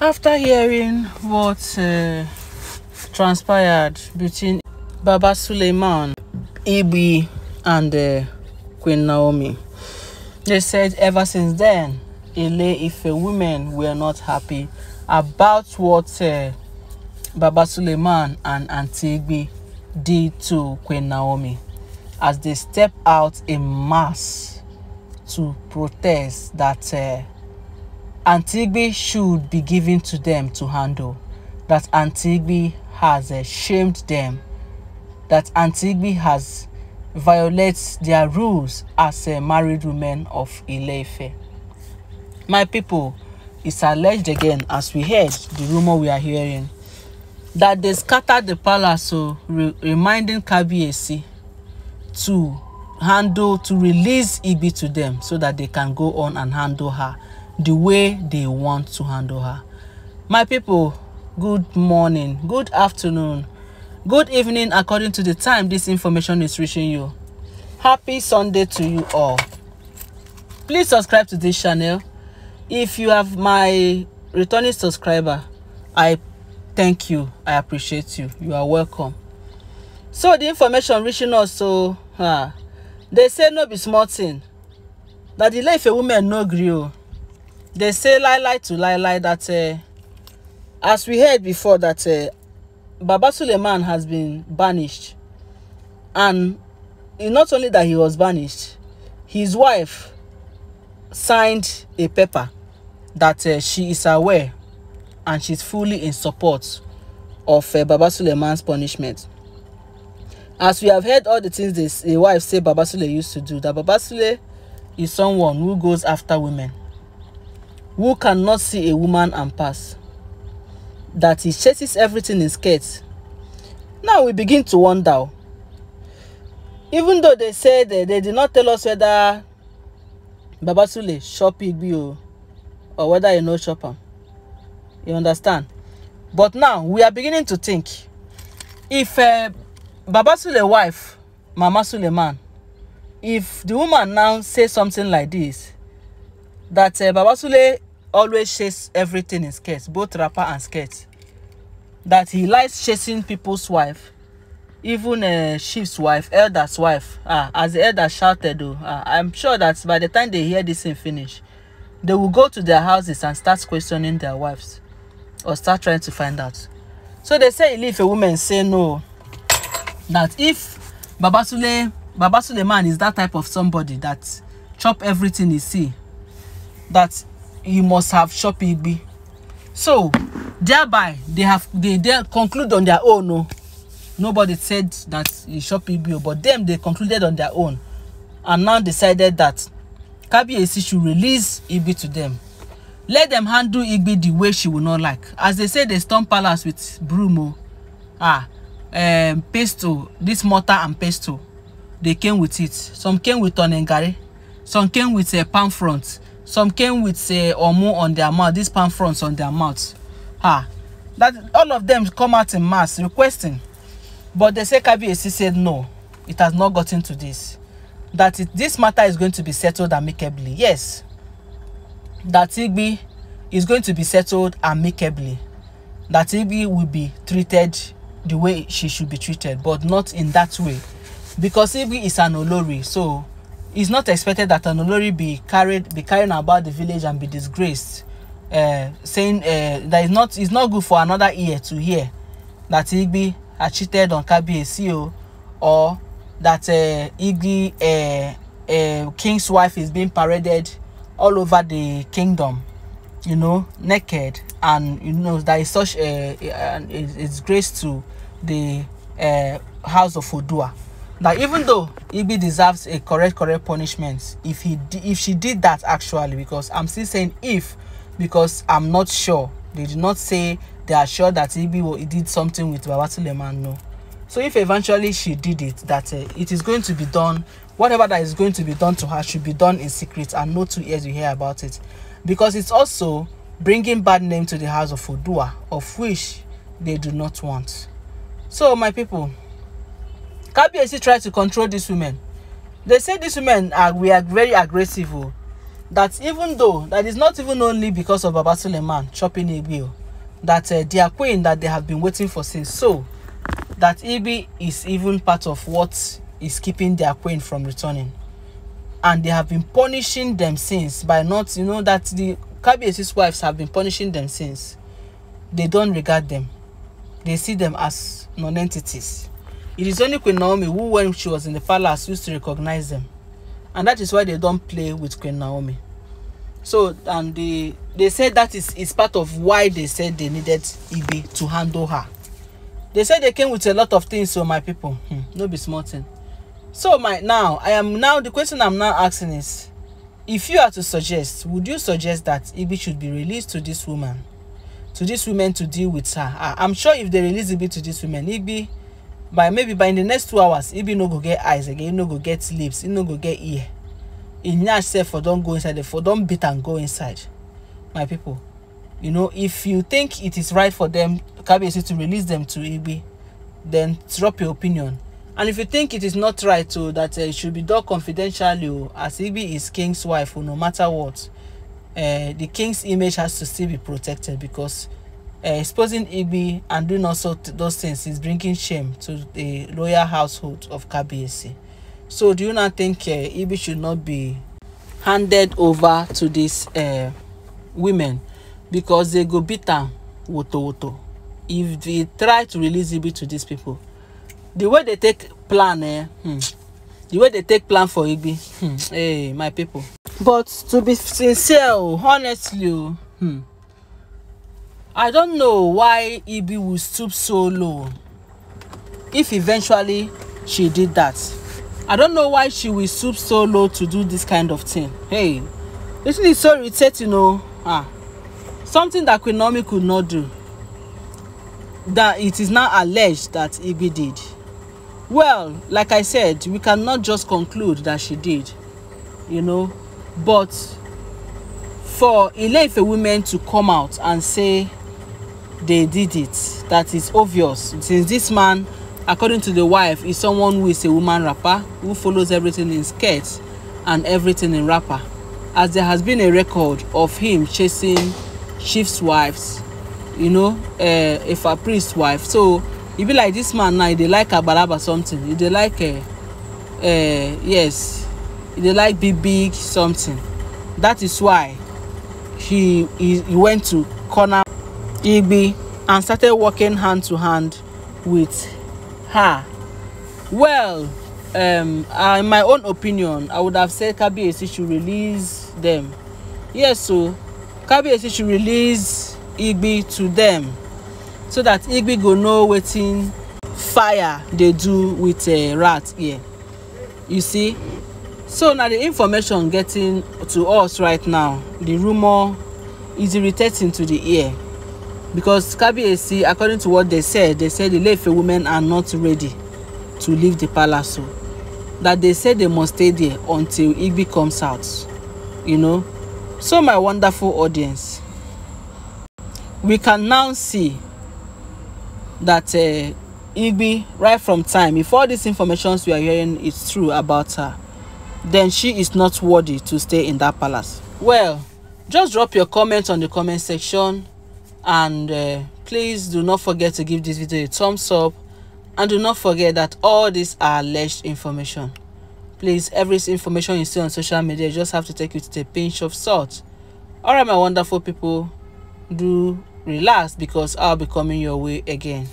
After hearing what uh, transpired between Baba Suleiman, Ibi, and uh, Queen Naomi, they said ever since then, Ile Ife women were not happy about what uh, Baba Suleiman and Auntie Igbi did to Queen Naomi as they step out in mass to protest that uh, Antigbe should be given to them to handle, that Antigbe has eh, shamed them, that Antigbe has violated their rules as a married woman of Ilefe. My people, it's alleged again, as we heard, the rumor we are hearing, that they scattered the palace, so oh, re reminding Kabiesi to handle, to release Ibi to them so that they can go on and handle her the way they want to handle her my people good morning good afternoon good evening according to the time this information is reaching you happy sunday to you all please subscribe to this channel if you have my returning subscriber i thank you i appreciate you you are welcome so the information reaching us so uh, they say no be small thing that delay if a woman no gree they say lie lie to lie lie that uh, as we heard before that uh, Baba Suleiman has been banished and not only that he was banished his wife signed a paper that uh, she is aware and she's fully in support of uh, Baba Suleiman's punishment as we have heard all the things this a wife say Baba Sule used to do that Baba Sule is someone who goes after women who cannot see a woman and pass, that he chases everything in skirts. Now we begin to wonder. Even though they said they, they did not tell us whether Babasule shop Igbi or whether you know shop him. You understand? But now we are beginning to think if uh, eh, Babasule wife, Mama Sule man. if the woman now says something like this, that uh, eh, Babasule always chase everything in skirts, both rapper and skirts. That he likes chasing people's wife, even uh, chief's wife, elder's wife. Ah, as the elder shouted, though, ah, I'm sure that by the time they hear this in finish, they will go to their houses and start questioning their wives or start trying to find out. So they say if a woman say no, that if Babasule Babasule man is that type of somebody that chop everything he see, that you must have chop igbi so thereby they have they they conclude on their own oh nobody said that he chop igbi oh, but them they concluded on their own and now decided that kabiyesi should release igbi to them let them handle igbi the way she would not like as they say they storm palace with broom o oh. ah um, pestle oh, this mortar and pesto. they came with it some came with Onengare. some came with uh, palm front some came with say uh, omu on their mouth these palm fronds on their mouth ah that all of them come out in mass requesting but they say kabiyesi said no it has not gotten to this that it, this matter is going to be settled amicably yes that igbi is going to be settled amicably that igbi will be treated the way she should be treated but not in that way because igbi is an olori so it's not expected that an olori be carried be carrying about the village and be disgraced uh, saying uh, that it's not it's not good for another ear to hear that igbi had cheated on kabiyesi o or that uh, igbi uh, uh, king's wife is being paraded all over the kingdom you know naked and you know that is such a, a, a, a disgrace to the uh, house of odua. Now, even though Igby deserves a correct correct punishment if he if she did that actually because I'm still saying if because I'm not sure they did not say they are sure that Igby did something with Babatuleman no so if eventually she did it that uh, it is going to be done whatever that is going to be done to her should be done in secret and no two ears will hear about it because it's also bringing bad name to the house of Odua of which they do not want so my people Kabiyesi tried to control these women. They say these women are we are very aggressive. Oh. That even though that is not even only because of Baba man chopping Igbi, oh. that uh, are queen that they have been waiting for since so that EB is even part of what is keeping their queen from returning. And they have been punishing them since by not, you know, that the Kabiyesi's wives have been punishing them since. They don't regard them. They see them as non-entities. It is only Queen Naomi who, when she was in the palace, used to recognize them. And that is why they don't play with Queen Naomi. So, and they, they said that is, is part of why they said they needed Ibi to handle her. They said they came with a lot of things, so my people, hmm, no be smarting. So my now, I am now, the question I'm now asking is, if you are to suggest, would you suggest that Ibi should be released to this woman? To this woman to deal with her? I, I'm sure if they release Ibi to this woman, Ibi by maybe by the next two hours e be no go get eyes again e no go get lips e no go get ear e nyash sef for don go inside the for don beat am go inside my people you know if you think it is right for them kabiyesi to release them to igbe then drop your opinion and if you think it is not right o oh, that uh, it should be done confidentially o oh, as igbe is king's wife o oh, no matter what uh, the king's image has to still be protected because uh, exposing Igbi and doing also those things is bringing shame to the royal household of KBC. So do you not think uh, eh, Igbi should not be handed over to these uh, women because they go beat am woto woto if they try to release Igbi to these people? The way they take plan, eh, hmm, the way they take plan for Igbi, hmm, hey, eh, my people. But to be sincere, oh, honestly, oh, hmm, I don't know why Ibi would stoop so low if eventually she did that. I don't know why she will stoop so low to do this kind of thing. Hey, isn't it so irritating, you oh. know? Ah, something that Kwinomi could not do. That it is now alleged that Ibi did. Well, like I said, we cannot just conclude that she did, you know, but for Ile-Ife woman to come out and say they did it that is obvious since this man according to the wife is someone who is a woman rapper who follows everything in skirt and everything in rapper as there has been a record of him chasing chief's wives you know uh, eh, if a priest wife so e be like this man now he dey like agbalaba something he dey like uh, uh, yes he dey like big big something that is why he he, he went to corner Igby and started working hand to hand with her. Well, um, uh, in my own opinion, I would have said Kabiyesi should release them. Yes, so Kabiyesi should release Igby to them so that Igby go know wetin fire dey do with uh, rat ear. You see? So na the information getting to us right now, the rumour is irritating to the ear because kabiyesi according to what they said they said the ileife women are not ready to leave the palace so that they say they must stay there until igbi comes out you know so my wonderful audience we can now see that uh, igbi right from time if all these informations we are hearing is true about her then she is not worthy to stay in that palace well just drop your comment on the comment section and uh, please do not forget to give this video a thumbs up and do not forget that all these are alleged information please every information you see on social media you just have to take it with a pinch of salt all right my wonderful people do relax because i'll be coming your way again